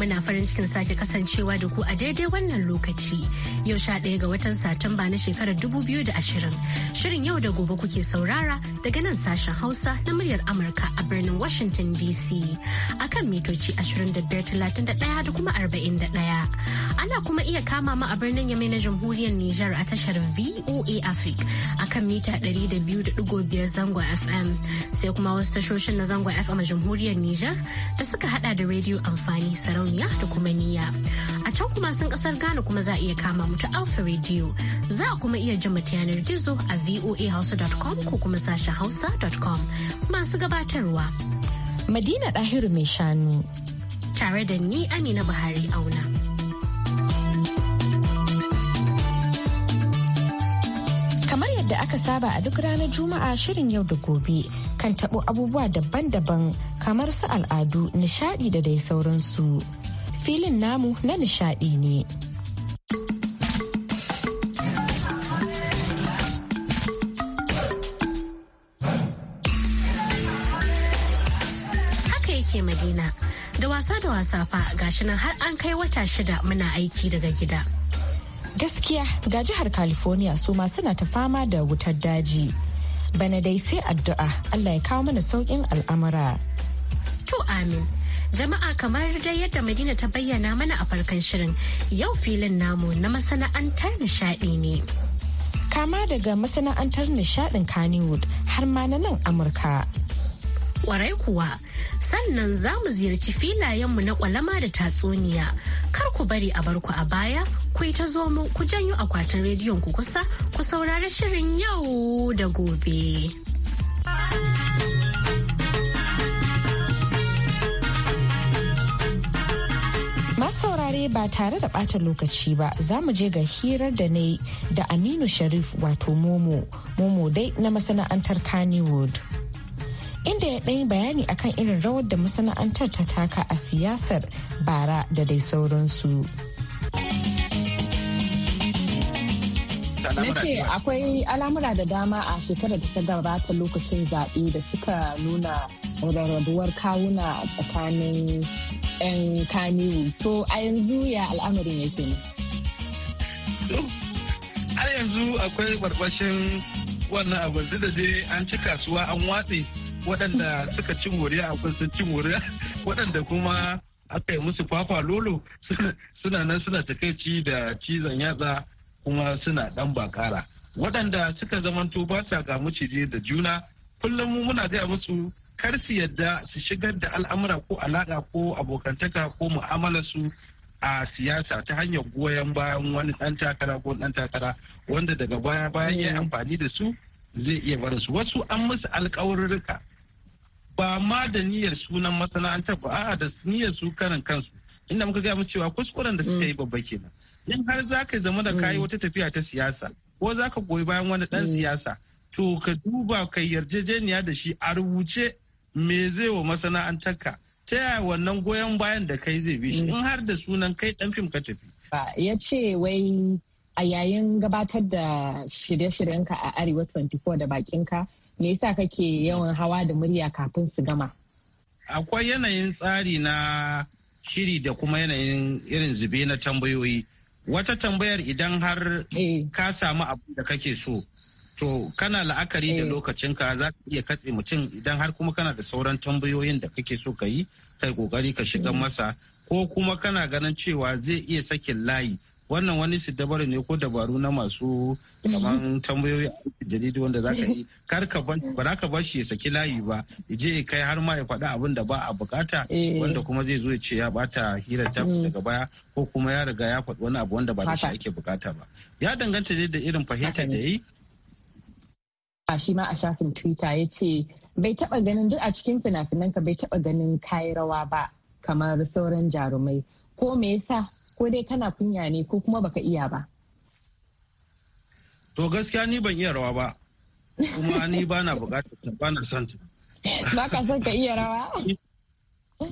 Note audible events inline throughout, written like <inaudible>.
muna farin cikin sake kasancewa da ku a daidai wannan lokaci yau sha ɗaya ga watan satumba na shekarar dubu biyu da ashirin shirin yau da gobe kuke saurara daga nan sashen hausa na muryar amurka a birnin washington dc akan mitoci ashirin da biyar talatin da ɗaya da kuma arba'in da ɗaya Ana kuma iya kama mu a birnin Yamai na Jamhuriyar Nijar a tashar VOA Africa a kan mita 200.5 zango FM sai kuma wasu tashoshin na Zangon FM a Jamhuriyar Nijar da suka hada da rediyo amfani sarauniya da kuma niya A can kuma sun kasar Ghana kuma za a iya kama mu ta Alpha Radio za a kuma iya jin mu ta yanar gizo a voahausa.com ko kuma sashen hausa.com masu gabatarwa. Madina Dahiru mai shanu. Tare da ni Amina Buhari auna. da aka saba a duk ranar Juma'a shirin yau da gobe kan tabo abubuwa daban-daban kamar su al'adu, nishadi da dai sauransu. Filin namu na nishadi ne. Haka yake Madina, da wasa da wasa fa gashi nan har an kai wata shida muna aiki daga gida. gaskiya ga jihar california su ma suna ta fama da wutar daji bana dai sai addu'a allah ya kawo mana saukin al'amura to amin jama'a kamar dai yadda madina ta bayyana mana a farkon shirin yau filin namu na masana'antar nishaɗi ne kama daga masana'antar nishaɗin Kannywood har ma na nan Amurka. Ƙwarai kuwa, sannan za mu ziyarci filayenmu na kwalama da tatsuniya, kar ku bari a barku a baya ku ta zo mu ku janyo akwatin rediyon ku kusa ku saurari shirin yau da gobe. saurare ba tare da bata lokaci ba za mu je ga hirar da na da aminu sharif wato momo momo dai na masana'antar kannywood inda ya ɗanyi bayani akan irin rawar da masana'antar ta taka a siyasar bara da dai sauransu. na akwai alamura da dama a shekarar da ta gabata lokacin zaɓe da suka nuna rarrabuwar kawuna a tsakanin 'yan kaniwu to a yanzu ya al'amarin yake ne a yanzu akwai barbashin wannan abu da dai an ci kasuwa an watse waɗanda suka ci moriya akwai sun ci moriya waɗanda kuma aka yi musu kwakwa lolo suna nan suna takaici da cizon yatsa kuma suna dan bakara waɗanda suka zamanto ba sa ga mucije da juna kullum mu muna gaya musu kar su yadda su shigar da al'amura ko alaƙa ko abokantaka ko mu'amala su a siyasa ta hanyar goyon bayan wani ɗan takara ko ɗan takara wanda daga baya bayan ya mm. amfani da su zai iya bar su wasu an musu alƙawarurruka ba ma da niyyar sunan masana'antar ba a'a da niyyar su karan kansu inda muka gaya mu cewa kuskuren da suka yi mm. babba kenan in har za ka zama da kayi mm. wata tafiya ta siyasa ko za ka goyi bayan wani dan mm. siyasa to ka duba ka yarjejeniya da shi a rubuce me zai wa masana'antarka ta yaya wannan goyon bayan da kai zai bi shi in har da sunan kai dan fim ka tafi. ya ce wai a yayin gabatar da shirye-shiryenka a arewa 24 da ka me yasa kake yawan hawa da murya kafin su gama akwai yanayin tsari na shiri da kuma yanayin irin zube na tambayoyi wata tambayar idan har eh. ka samu abu da kake so to kana la'akari da eh. lokacinka za ka iya katse mutum idan har kuma kana da sauran tambayoyin da kake so ka yi kai kokari ka shiga eh. masa ko kuma kana ganin cewa zai iya sakin layi wannan wani siddabar ne ko dabaru na masu kaman mhm. tambayoyi a jaridu wanda ka yi <laughs> ba za ka bar shi ya saki layi ba je kai har ma ya faɗi abin da ba a bukata eh. wanda kuma zai zo ya ce ya bata hirar ta mm. daga baya ko kuma ya riga ya faɗi wani abu wanda ba da shi ake bukata ba ya danganta da irin fahimtar da yi shi ma a shafin twitter ya ce bai taba ganin duk a cikin fina-finanka bai taba ganin kayi rawa ba kamar sauran jarumai ko me yasa ko dai kana kunya ne ko kuma baka iya ba to gaskiya ni ban iya rawa ba kuma ni ba na bukatar ba na son ba ka son ka iya rawa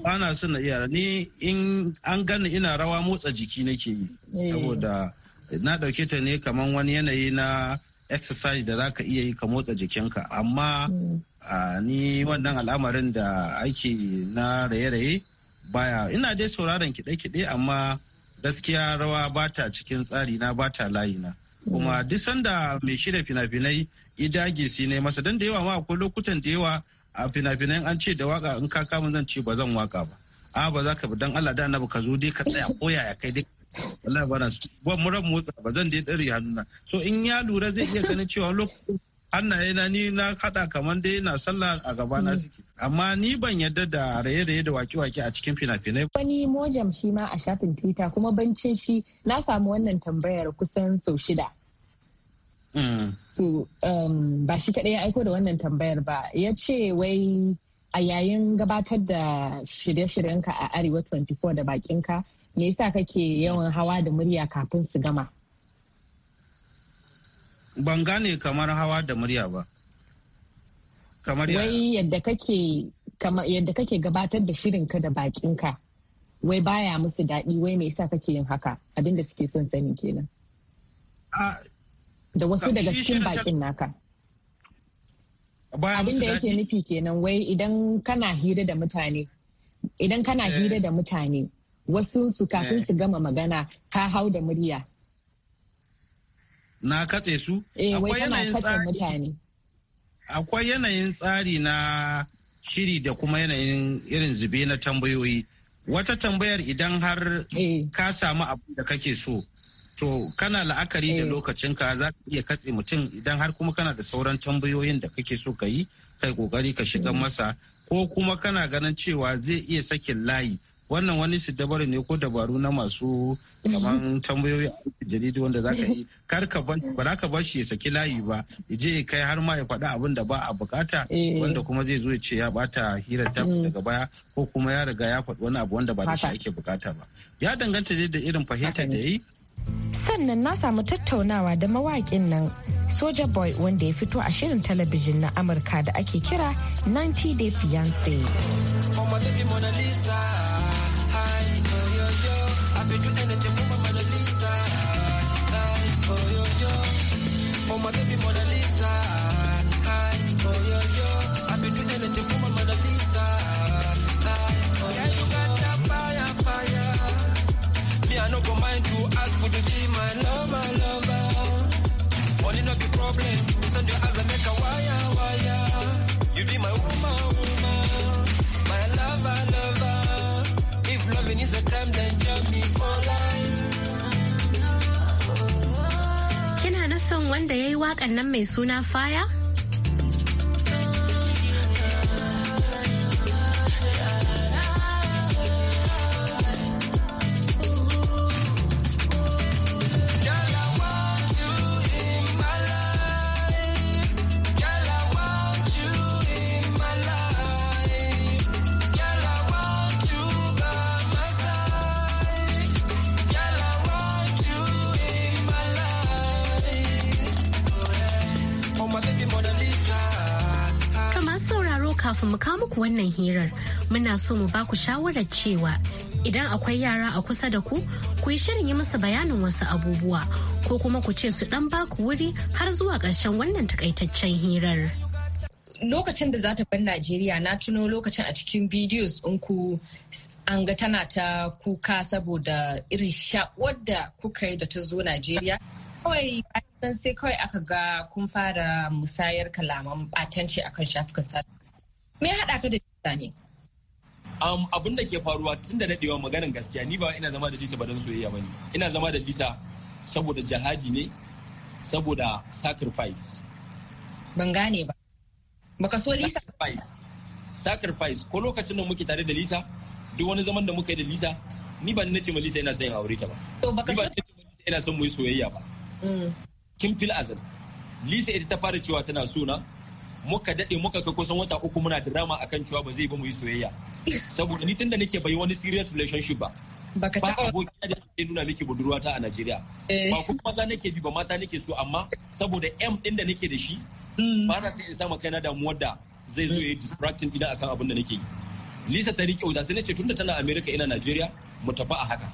ba na son na iya rawa ni in an gani ina rawa motsa jiki nake yi eh. saboda na dauke ta ne kamar wani yanayi na exercise da zaka iya yi ka motsa jikinka amma hmm. ah, ni wannan al'amarin da ake na raye-raye baya ina dai sauraron kiɗe-kiɗe amma gaskiya rawa ba ta cikin tsari na ba ta layi na kuma mm. duk sanda mai shirya fina-finai idage si ne masa don da yawa ma akwai lokutan da yawa a fina finai an ce da waka in ka kama zan ce ba zan waka ba a ba za ka bi don Allah da na ka zo dai ka tsaya ko yaya kai dai Allah ba na ba muran motsa ba zan dai dare hannuna so in ya lura zai iya ganin cewa lokacin Allah na ni na kada kamar dai na sallah a gaba na mm. suke amma ni ban yadda da raye-raye da wake-wake a cikin fina-finai. Wani mojam shi ma a shafin Twitter kuma bancin shi na samu wannan tambayar kusan sau shida. Mm. Um, ba shi kaɗai ya aiko da wannan tambayar ba ya ce wai a yayin gabatar da shirye-shiryenka a arewa 24 da bakinka me yasa kake yawan hawa da murya kafin su gama ban gane kamar hawa da murya ba kamar wai yadda kake yadda kake gabatar da shirinka da bakinka wai baya musu daɗi wai me yasa kake yin haka abinda suke son sani kenan da wasu daga cikin bakin naka abinda yake nufi kenan wai idan kana hira da mutane idan kana hira eh. da mutane wasu su kafin eh. su gama magana ka hau da murya na katse su eh, akwai yanayin tsari na shiri da kuma yanayin irin zube na tambayoyi wata tambayar idan har eh. ka samu abu da kake so to kana la'akari da eh. lokacinka za ka iya katse mutum idan har kuma kana da sauran tambayoyin da kake so ka yi kai kokari ka shiga masa ko kuma kana ganin cewa zai iya sakin layi wannan wani siddabar ne ko dabaru na masu kaman mhm. tambayoyi a jaridu wanda zaka yi ba za ka bar shi ya saki layi ba ya je kai har ma ya faɗi abin da ba a bukata eh. wanda kuma zai zo ya ce ya bata hira ta mm. daga baya ko kuma ya riga ya faɗi wani abu wanda ba da shi ake bukata ba ya danganta dai da irin fahimta da yi sannan na samu tattaunawa da mawaƙin nan soja boy wanda ya fito a shirin talabijin na amurka da ake kira 90 day fiance Package you energy from a mother wanda ya yi waƙan nan mai suna faya wannan hirar muna so mu baku shawarar cewa idan akwai yara a kusa da ku ku yi shirin yi musu bayanin wasu abubuwa ko kuma ku ce su dan baku wuri har zuwa ƙarshen wannan takaitaccen hirar. lokacin da za ta bar Najeriya na tuno lokacin a cikin videos ku an ga tana ta kuka saboda irin shaƙuwar da kuka yi da ta zo Najeriya. Kawai san sai kawai aka ga kun fara musayar kalaman batanci akan shafukan sada me haɗa ka da jisa ne um, abin da ke faruwa tun da daɗewa maganin gaskiya ni ba ina zama da jisa ba don soyayya ba ne ina zama da jisa saboda jihadi ne saboda sacrifice ban gane ba baka so lisa sacrifice sacrifice ko lokacin da muke tare da lisa duk wani zaman da muka yi da lisa ni ban nace ma lisa ina son aure ta ba ni ban nace ma lisa ina son mu yi soyayya ba mm. kin fil azal lisa ita ta fara cewa tana so na muka daɗe muka kai kusan wata uku muna drama akan cewa ba zai ba mu yi soyayya saboda ni tunda nake bai wani serious relationship ba ka taɓa abokina da ke nuna miki budurwata a Najeriya eh. ba kuma maza nake bi ba mata nake so amma saboda M din da nake da shi mm. ba na sai in sama kaina damuwar da zai zo ya distracting ina akan abin da nake yi Lisa ta riƙe wuta sai nace tunda tana America ina Najeriya mu tafi a haka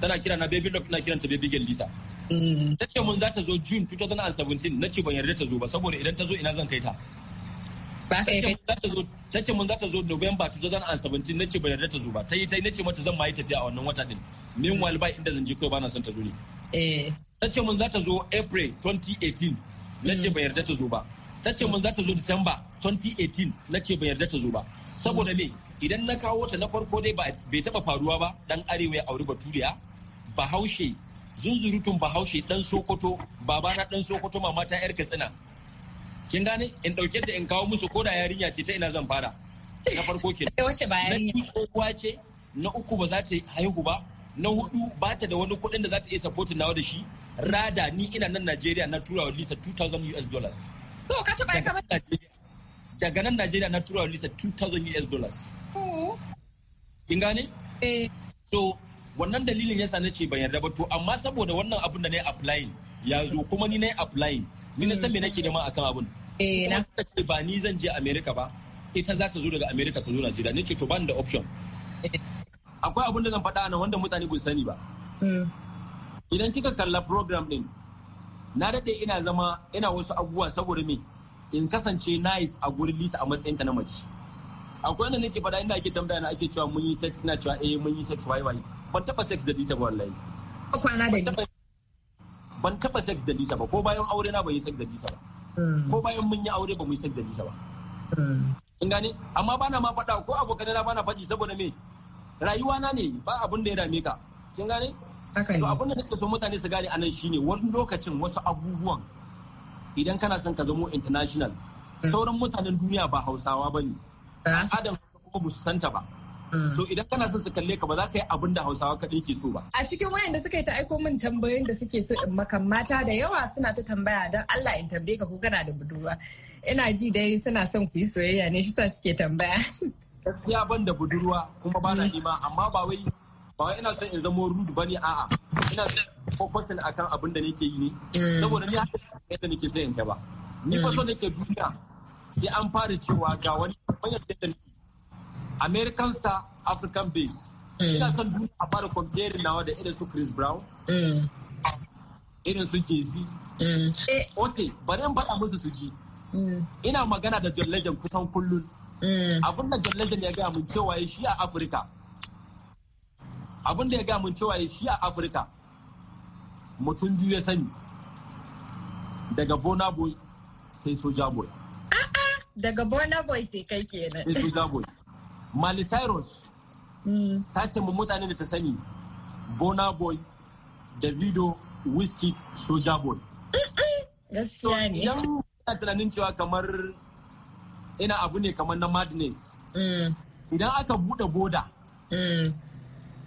tana kira na baby love ina kiranta baby girl Lisa ta ce mun za ta zo june 2017 na ce ban yarda ta zo ba saboda idan ta zo ina zan kai ta ta ce mun za ta zo november 2017 na ce ban yarda ta zo ba ta yi ta yi na ce mata zan ma yi tafiya a wannan wata din meanwhile ba inda zan je kawai ba na son ta zo ne ta ce mun za ta zo april 2018 na ce ban yarda ta zo ba ta ce mun za ta zo december 2018 na ce ban yarda ta zo ba saboda me idan na kawo ta na farko dai bai taba faruwa ba dan arewa ya auri baturiya bahaushe zunzurutun bahaushe dan sokoto baba na dan sokoto mama ta yar katsina kin gane in dauke ta in kawo musu ko da yarinya ce ta ina zan fara na farko ke <laughs> na biyu tsohuwa ce na uku ba za ta haihu ba na hudu ba ta da wani kuɗin da za ta iya supportin nawa da shi rada ni ina nan Najeriya na tura wa Lisa 2000 US dollars to ka taba aika mata daga nan Najeriya na tura wa Lisa 2000 US dollars oh. kin gane eh so wannan dalilin yasa na ce ban yarda ba to amma saboda wannan abun da na yi applying ya zo kuma ni na yi applying ni na san me nake da ma akan abun eh, kuma suka ce ba ni zan je America ba ita za ta zo daga America ta zo Najeriya ni ce to ban da option eh. akwai abun da zan faɗa nan wanda mutane ba sani ba hmm. idan kika kalla program din na daɗe ina zama ina wasu abubuwa saboda me in kasance nice a gurin lisa a matsayinta na mace akwai wanda nake faɗa inda ake tambaya na ake cewa mun yi sex ina cewa eh mun yi sex wai wai ban taba sex da disa ba wallahi kwana da ni ban taba sex da disa ba ko bayan aure na ban yi sex da disa ba hmm. ko bayan mun yi aure ba mu yi sex da disa ba in hmm. gane amma bana ma faɗa ko abokan na bana faɗi saboda me rayuwa na ne ba abin da ya dame ka kin gane so abin da nake so mutane su gane anan shine wani lokacin wasu abubuwan idan kana son ka zamo international hmm. sauran mutanen duniya ba hausawa ba ne adam kuma musu santa ba Mm. So idan kana son su kalle ka ba za ka yi abin da Hausawa kaɗai ke so ba. A cikin wayanda suka yi ta aiko min tambayoyin da suke so in maka mata da yawa suna ta tambaya don Allah in tambaye ka ko kana da budurwa. Ina ji dai suna son ku yi soyayya ne shi sa suke tambaya. Gaskiya ban da budurwa kuma ba na mm. nema amma ba wai ba wai ina son in zama rude bane a'a ina son focusing akan abin da nake yi ne mm. saboda ni haka yadda nake son in ta ba. Ni fa so nake duniya sai an fara cewa ga wani bayan yadda nake American star African base. Mm. Ina son duniya a fara comparing nawa da irin su Chris Brown. Mm. Irin su Jay-Z. Mm. Ok, bari in faɗa musu su ji. Ina magana da John Legend kusan kullun. Abin da John Legend ya gaya mun cewa ya shi a Afirka. Abin da ya gaya mun cewa ya shi a Afirka. Mutum biyu ya sani. Daga Bona Boy sai Soja Boy. Daga Bona Boy sai kai kenan. Sai Soja Boy. Mali Cyrus hmm. ta ce mu mutane da ta sani Bona Boy, Davido, Whiskey, Soja Boy. Gaskiya ne. Idan ina tunanin cewa kamar ina abu ne kamar na madness. Hmm. Idan aka buɗe boda. Hmm.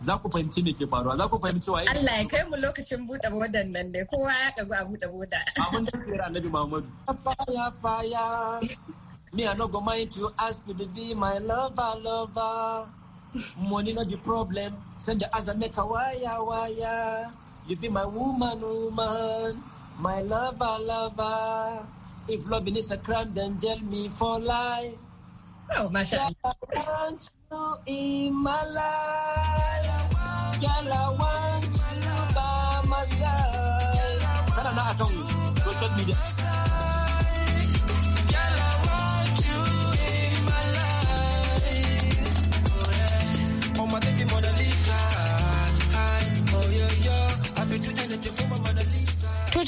Za ku fahimci me ke faruwa, za ku fahimci waye. Allah ya kai mu lokacin buɗe bodan nan dai, kowa ya ɗagu a buɗe boda. Amin da ke annabi Muhammadu. Faya faya, <laughs> Me, I not go mind to ask you to be my lover, lover. Money not the problem. Send the other make a wire, wire. You be my woman, woman. My lover, lover. If loving is a crime, then jail me for life. Oh, want you in my life. Girl, I want you by my side. I don't know, I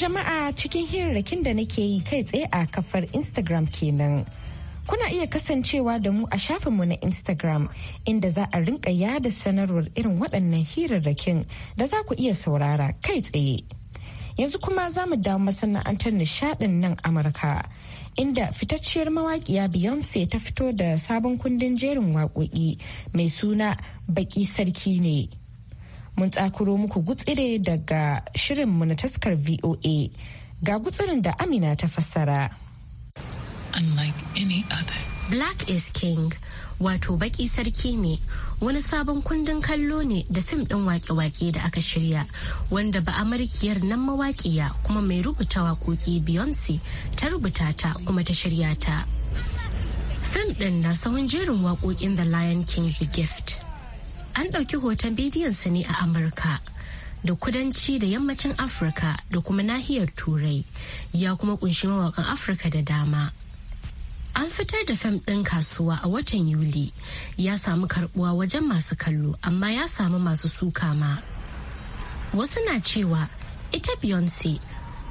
jama'a cikin hirarrakin da nake yi kai tsaye a kafar Instagram kenan. Kuna iya kasancewa da mu a shafinmu na Instagram inda za a rinka yada sanarwar irin waɗannan hirarrakin da za ku iya saurara kai tsaye. Yanzu kuma za mu dawo masana'antar nishaɗin nan Amurka inda fitacciyar mawaƙiya Beyonce ta fito da sabon kundin jerin waƙoƙi mai suna Baƙi Sarki ne. mun tsakuro muku gutsire daga shirinmu na taskar VOA ga gutsirin da Amina ta fassara. Black is King wato baki sarki ne wani sabon kundin kallo ne da fim ɗin wake-wake da aka shirya wanda ba amurkiyar nan mawaƙiya kuma mai rubuta waƙoƙi Beyonce ta rubuta ta kuma ta shirya ta. Fim ɗin na tsawon jerin waƙoƙin The Lion King The Gift an ɗauki hoton bidiyon sa ne a amurka da kudanci da yammacin afirka da kuma nahiyar turai ya kuma kunshi mawakan afirka da dama an fitar da fim ɗin kasuwa a watan yuli ya samu karbuwa wajen masu kallo amma ya samu masu suka ma wasu na cewa ita beyonce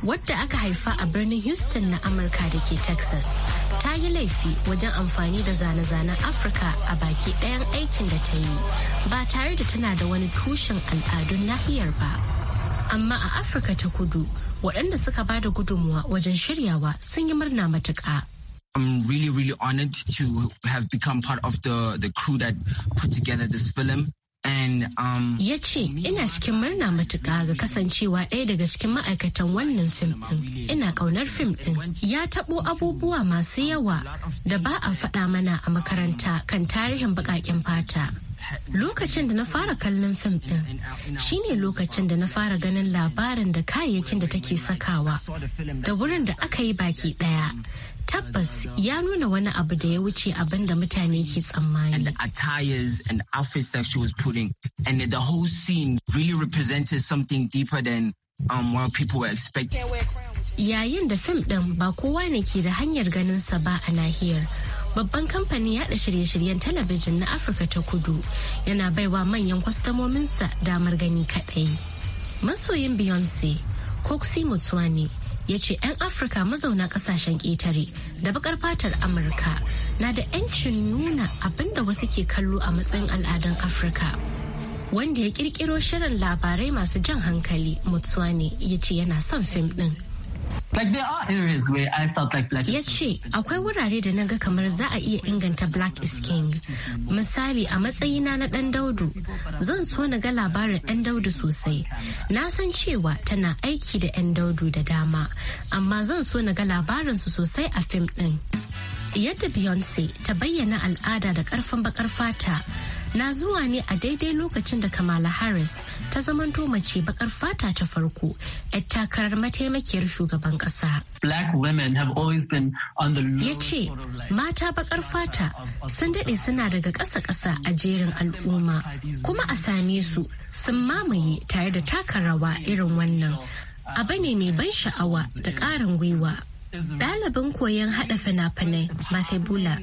wadda aka haifa a birnin Houston na Amurka da ke Texas, ta yi laifi wajen amfani da zane-zanen Afirka a baki ɗayan aikin da ta yi ba tare da tana da wani tushen al'adun nahiyar ba. Amma a Afirka ta kudu, waɗanda suka ba da gudunmuwa wajen shiryawa sun yi murna matuƙa. I'm really, really honored to have become part of the, the crew that put together this film. Um, ya ce ina cikin murna matuka ga kasancewa ɗaya daga cikin ma'aikatan wannan fim ɗin ina ƙaunar fim ɗin ya taɓo abubuwa masu yawa da ba a faɗa mana a makaranta kan tarihin baƙaƙen fata Lokacin da na fara kallon fim ɗin shine lokacin da na fara ganin labarin da kayayyakin da take sakawa da wurin da aka yi baki ɗaya. Tabbas ya nuna wani abu da ya wuce abin da mutane ke tsammani. the um, Yayin da fim ɗin ba kowa ne ke da hanyar ganinsa ba a nahiyar. babban kamfanin yada shirye-shiryen talabijin na afirka ta kudu yana baiwa manyan kwastamominsa damar gani kadai masoyin beyonce coxie mutuani ya ce 'yan afirka mazauna kasashen ƙetare da bakar fatar amurka na da 'yancin nuna abin da wasu ke kallo a matsayin al'adun afirka wanda ya kirkiro shirin labarai masu jan hankali mutuani ya ce yana son fim ɗin. Ya ce akwai wurare da na ga kamar za a iya inganta Black is King. Misali a matsayina na ɗan daudu, zan so na ga labarin 'yan daudu sosai. Na san cewa tana aiki da 'yan daudu da dama, amma zan so na ga labarinsu sosai a fim ɗin. Yadda Beyonce ta bayyana al'ada da ƙarfin baƙar fata. na zuwa ne a daidai lokacin da Kamala Harris ta zamanto mace bakar fata ta farko 'yar takarar mataimakiyar shugaban kasa. Ya ce, mata bakar fata sun daɗe suna daga ƙasa-ƙasa a jerin al'umma, kuma a same su sun mamaye tare da taka rawa irin wannan. Abu ne mai ban sha'awa da ƙarin gwiwa. ɗalibin koyon haɗa fina-finai Masebula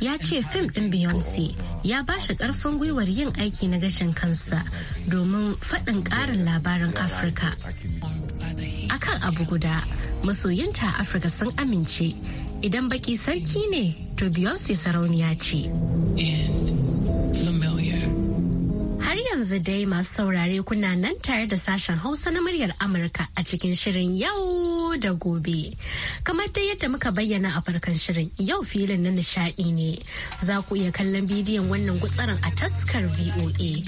ya ce fim ɗin Beyonce ya ba shi ƙarfin gwiwar yin aiki na gashin kansa domin faɗin ƙarin labarin Afirka. a kan abu guda, masoyinta a Afirka sun amince idan baki sarki ne to Beyonce sarauniya ce. yanzu dai masu saurare kuna nan tare da sashen Hausa na muryar Amurka a cikin shirin yau da gobe. Kamar dai yadda muka bayyana a farkon shirin yau filin na nishadi ne. Za ku iya kallon bidiyon wannan gutsarin a taskar VOA.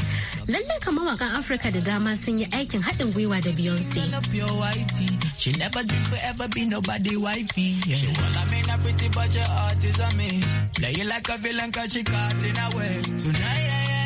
Lallai kamar mawakan Afirka da dama sun yi aikin haɗin gwiwa da Beyonce. Yeah. yeah, yeah.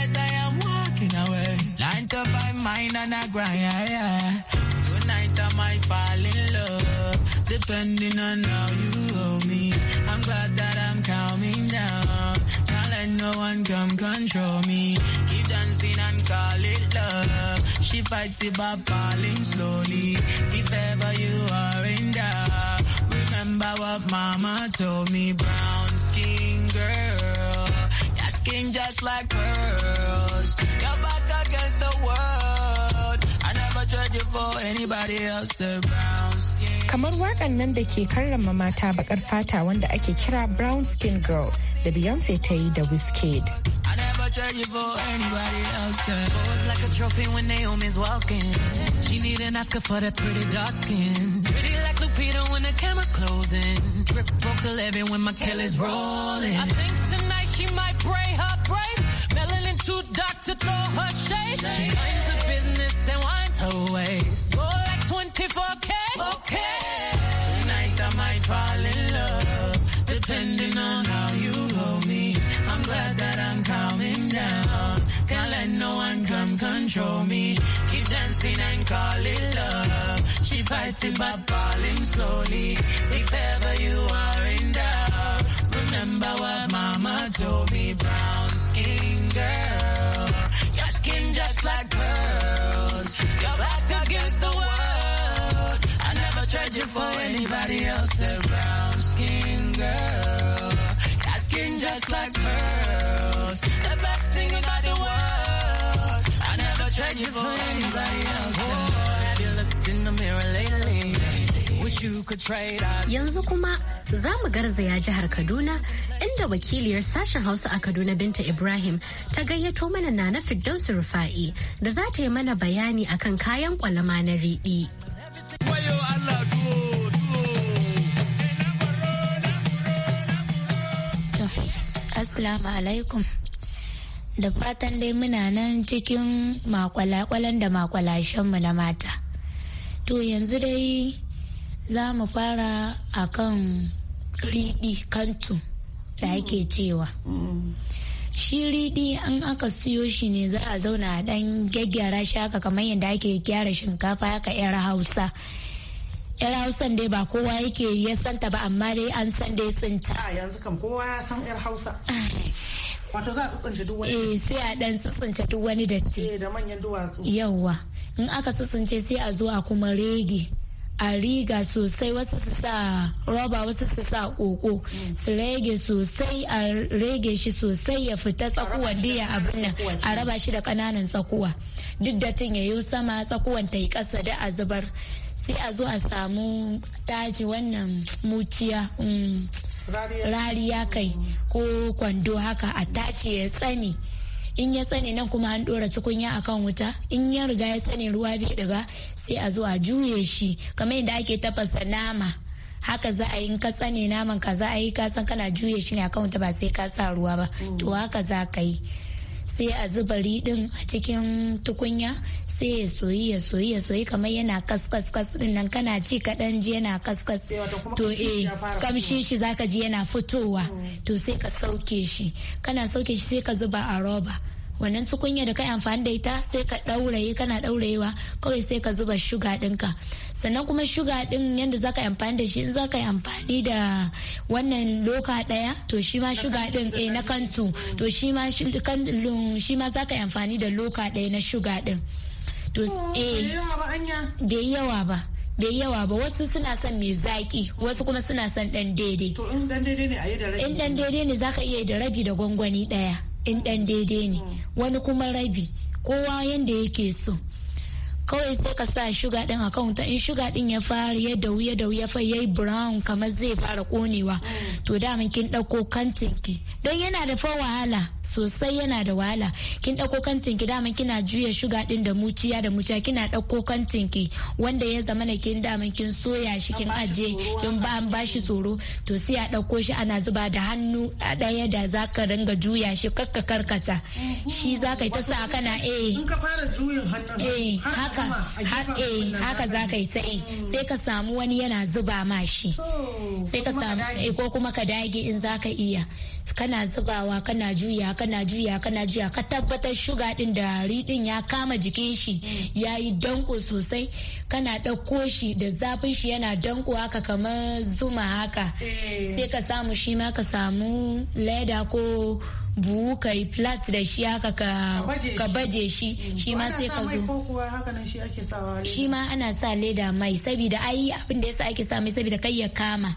Went to buy mine and I grind. Yeah, yeah. Tonight I might fall in love, depending on how you hold me. I'm glad that I'm calming down. Can't let no one come control me. Keep dancing and call it love. She fights it by falling slowly. If ever you are in doubt, remember what mama told me. Brown skin girl, your skin just like pearls you back against the world. I never tried you for anybody else around. Kamar wakan nan da ke karrama mata bakar fata wanda ake kira Brown Skin Girl da Beyonce ta yi da Wizkid. I never you for anybody else. like a trophy when Naomi's walking. She need an for pretty dark skin. Pretty like when the camera's closing. broke the when my rolling. I think tonight she might pray her brave. okay. Tonight I might fall in love, depending on how you hold me. I'm glad that I'm calming down. Can't let no one come control me. Keep dancing and calling love. She fighting but falling slowly. If ever you are in doubt, remember what mama told me. Brown skin girl, your skin just like pearls. You're black against the world. searching for anybody else a brown Skin girl, got skin just like pearls. The best thing about the world. I never searching for anybody else. Around. Yanzu kuma za mu garzaya jihar Kaduna inda wakiliyar sashen Hausa a Kaduna Binta Ibrahim ta gayyato mana Nana Firdausu Rufa'i da za ta yi mana bayani akan kayan kwalama na riɗi. Assalamu alaikum. Da fatan dai muna nan cikin makwalakwalan da makwalashenmu na mata. To yanzu dai za mu fara a kan riɗi kantu da ake cewa. Shi riɗi an aka siyo shi ne za a zauna a ɗan gyaggyara shi haka kamar yadda ake gyara shinkafa haka 'yar Hausa. yar hausan dai ba kowa yake ya santa ba amma dai an san dai ta a yanzu kan kowa ya san yar hausa <laughs> wato za a tsince duk wani eh sai a dan tsince duk wani datti eh da manyan duwatsu yawa in aka tsince sai a zo a kuma rege a riga sosai wasu su sa roba wasu su sa koko mm. su rage sosai a rage shi sosai ya fita tsakuwa diya abin a raba shi da kananan tsakuwa duk da tun yayo sama tsakuwan ta yi kasa da a zubar sai a zo a samu daji wannan muciya mm, rariya kai ko kwando haka a tashi ya tsane in ya tsane nan kuma an dora tukunya a kan wuta in ya riga ya tsane ruwa bai daga sai a zo a juye shi kamar yadda ake tafasa nama haka za a yi ka tsane naman ka za a yi ka san kana juye shi ne a kan wuta ba sai ka sa ruwa ba to haka za ka yi sai a zuba riɗin a cikin tukunya sai ya soyi ya soyi ya soyi kamar yana kaskas kas din nan kana ci kaɗan ji yana kaskas eh, to eh kamshin shi eh, zaka ji yana fitowa mm. to sai ka sauke shi kana sauke shi sai ka zuba a roba wannan tukunya da kai amfani da ita sai ka ɗauraye kana ɗaurayewa kawai sai ka zuba shuga dinka sannan kuma shuga din yadda za ka yi amfani da shi in za ka yi amfani da wannan loka daya to shi ma shuga din eh na kantu mm. to shi ma shi ma za ka yi amfani da loka daya na shuga din. Eh, bai yawa ba yawa ba wasu suna son mai zaki wasu kuma suna son dan daidai to in dan daidai ne a yi da rabi in dan daidai ne zaka iya da rabi da gwangwani ɗaya. in dan daidai ne hmm. wani kuma rabi kowa yanda yake so kawai sai ka sa shuga din a in shuga din ya fara ya dawu ya dawu ya fai yayi brown kamar zai fara ƙonewa hmm. to da kin ɗauko kantin ki don yana da fa wahala sosai yana da wahala kin ɗauko kantin ki daman kina juya shuga din da muciya da muciya kina ɗauko kantin ki wanda ya zama na kin daman kin soya shi kin aje kin ba an bashi tsoro to sai a ɗauko shi ana zuba da hannu a ɗaya da zaka ringa juya shi kakka karkata shi zaka yi ta sa kana eh in ka fara juyin hannun eh haka eh haka zaka yi ta eh sai ka samu wani yana zuba ma shi sai ka samu eh, ko kuma ka dage in zaka iya kana zubawa kana juya kana juya kana juya ka tabbatar shuga din da riɗin ya kama jikin shi mm. ya yi danko sosai kana ɗauko shi da zafin shi yana danko haka kamar zuma haka eh. sai ka samu shi ma ka samu leda ko buhu ka yi flat da shi haka ka baje shi mm. shi ma sai ka zo shi ma ana sa leda mai saboda ai abin da yasa ake sa mai saboda kai ya kama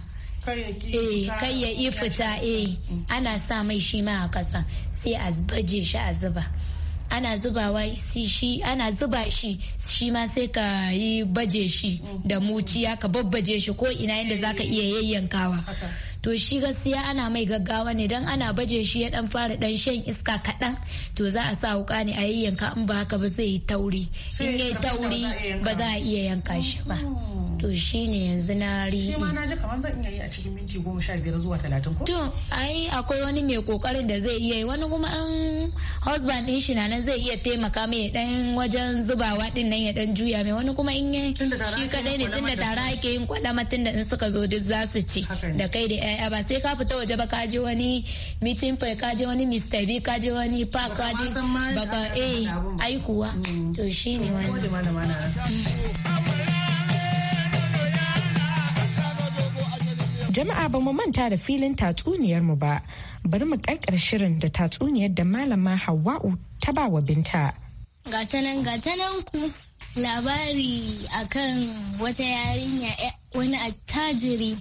e kai ya eh, fita eh ana sa mai shi ma a kasa sai a baje shi a zuba ana zubawa shi ana zuba shi shi ma sai ka yi baje shi da mm-hmm. muciya ka babbaje shi ko ina yadda zaka iya eh, yayyankawa to shi gaskiya ana mai gaggawa ne dan ana baje shi ya dan fara dan shan iska kaɗan to za a sa wuka ne a yayyanka in ba haka ba zai yi tauri in yi tauri ba za a iya yanka shi ba mm-hmm. to shi ne yanzu na riɗe. Shi ma na ji kamar zan iya yi a cikin minti goma sha biyar zuwa talatin ko? To ai akwai wani mai kokarin da zai iya yi wani kuma an husband din shi na nan zai iya taimaka mai dan wajen zubawa din nan ya dan juya mai wani kuma in yi shi kadai ne tunda tara ake yin kwalama tunda in suka zo duk za su ci da kai da 'ya'ya ba sai ka fita waje ba ka je wani meeting fa ka je wani Mr. B ka je wani park ka je baka eh ai kuwa mm. to ne wani. Jama'a ba mu manta da filin tatsuniyar mu ba, bari mu karkar shirin da tatsuniyar da malama Hawwa'u ta ba wa binta. Gatanan gatanan ku labari akan wata yarinya eh, wani attajiri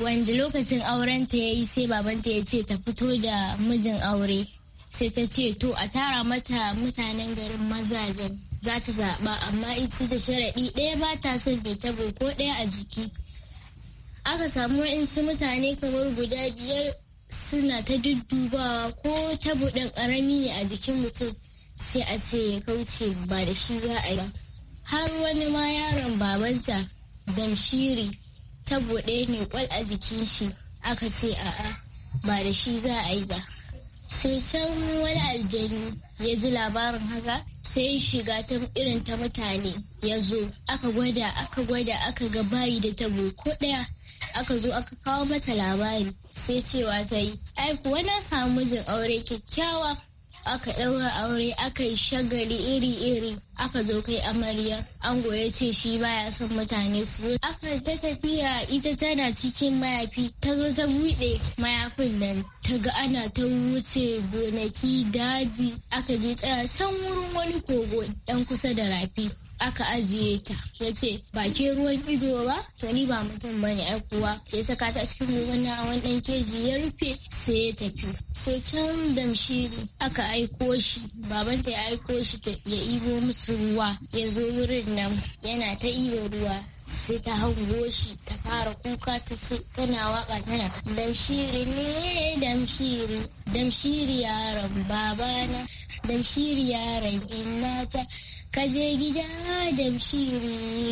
wanda lokacin aurenta ya yi sai babanta ya ce ta fito da mijin aure. Sai ta ce to a tara mata mutanen garin mazajen za ta zaɓa amma ita da sharaɗi ɗaya ba ta son fita ko ɗaya a jiki. aka samu su mutane kamar guda biyar suna ta duddubawa ko ta buɗe ƙarami ne a jikin mutum sai a ce ya kauce ba da shi za a yi har wani ma yaron babanta damshiri ta buɗe ne kwal a jikin shi aka ce a'a ba da shi za a yi ba sai can wani aljani ya ji labarin haka sai shiga ta irin ta mutane ya zo aka gwada aka gwada aka ga bayi da tabo ko ɗaya aka zo aka kawo mata labari sai cewa ta yi ai wani na samu mijin aure kyakkyawa aka ɗaura aure aka yi shagali iri-iri aka zo kai amarya an goye ce shi baya son mutane su aka ta tafiya ita tana cikin mayafi ta zo ta buɗe mayafin nan ta ga ana ta wuce gonaki daji aka je tsaya can wurin wani kogo ɗan kusa da rafi aka ajiye ta ya ce ba ke ruwan ido ba to ni ba mutum ba ne ai kuwa ya saka ta cikin ruwan na wani dan keji ya rufe sai ya tafi sai can damshiri aka aiko shi babanta ya aiko shi ya ibo musu ruwa ya zo wurin nan yana ta ibo ruwa sai ta hango shi ta fara kuka ta tana waka tana damshiri ne damshiri damshiri yaron babana damshiri yaron inata. ka je gida da shi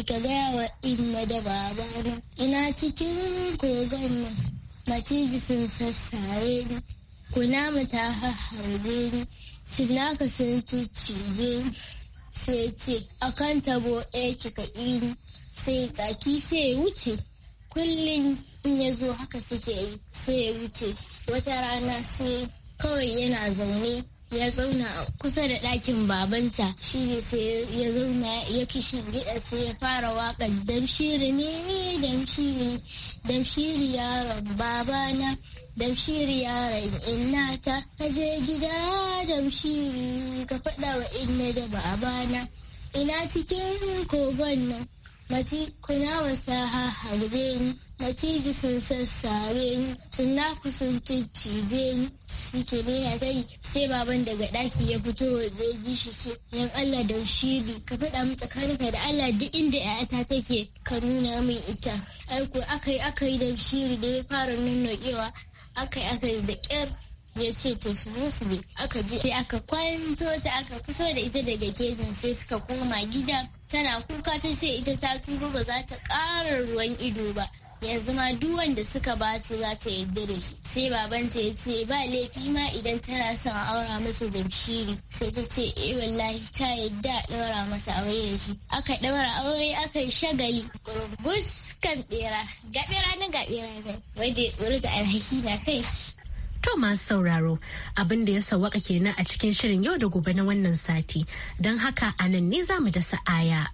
ka gaya wa inna da babana ina cikin kogon nan maciji sun sassare ni kunama ta harbe ni ka sun cicije ni sai ce kan tabo ɗaya kika ni sai tsaki sai wuce kullum in ya zo haka suke yi sai wuce wata rana sai kawai yana zaune ya zauna kusa da ɗakin babanta shi ne sai ya zauna ya kishin gida sai ya fara waƙa damshiri ne damshiri damshiri yaron babana damshiri yaron innata ka je gida damshiri ka faɗa wa inna da babana ina cikin kogon nan mati kuna wasa ha harbe ni maciji sun sassare ni cinnaku sun ciccije suke ne sai baban daga daki ya fito zai ji shi ce yan Allah da bi ka faɗa mu karka da Allah duk inda ta take ka nuna min ita aiko aka yi da shiri da ya fara nunnukewa aka yi aka yi da ƙyar ya ce to su su bi aka je sai aka kwanto ta aka kusa da ita daga kejin sai suka koma gida tana kuka ta ce ita ta tuba ba za ta ƙara ruwan ido ba yanzu ma duk wanda suka ba ta za ta yarda da shi sai babanta ya ce ba laifi ma idan tana son a aura masa bishiri sai ta ce eh wallahi ta yarda a ɗaura masa aure da shi aka ɗaura aure aka yi shagali gurgus kan bera ga bera na ga bera ne wanda ya tsoro da alhaki na kai shi To masu sauraro abin da ya sawaka kenan a cikin shirin yau da gobe na wannan sati don haka a nan ne za mu da sa'aya.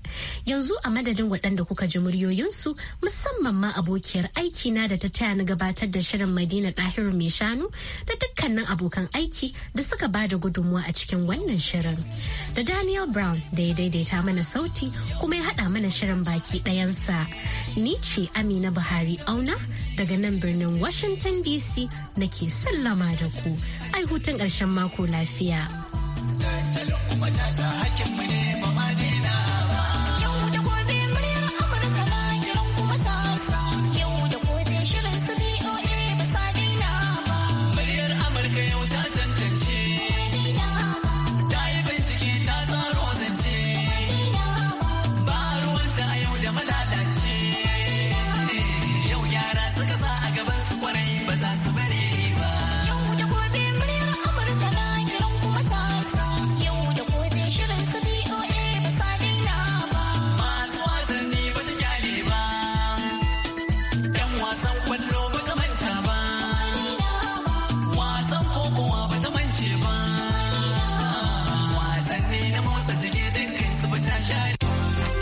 Yanzu a madadin waɗanda kuka ji muryoyinsu musamman ma abokiyar aiki na da ta taya ni gabatar da shirin Madina Ɗahiru mai shanu da dukkanin abokan aiki da suka ba da gudunmuwa a cikin wannan shirin. Da Daniel Brown da ya daidaita mana sauti kuma ya haɗa mana shirin baki ɗayansa. Ni ce Amina Buhari Auna daga nan birnin Washington DC nake son ma da ku ai hutun ƙarshen mako lafiya.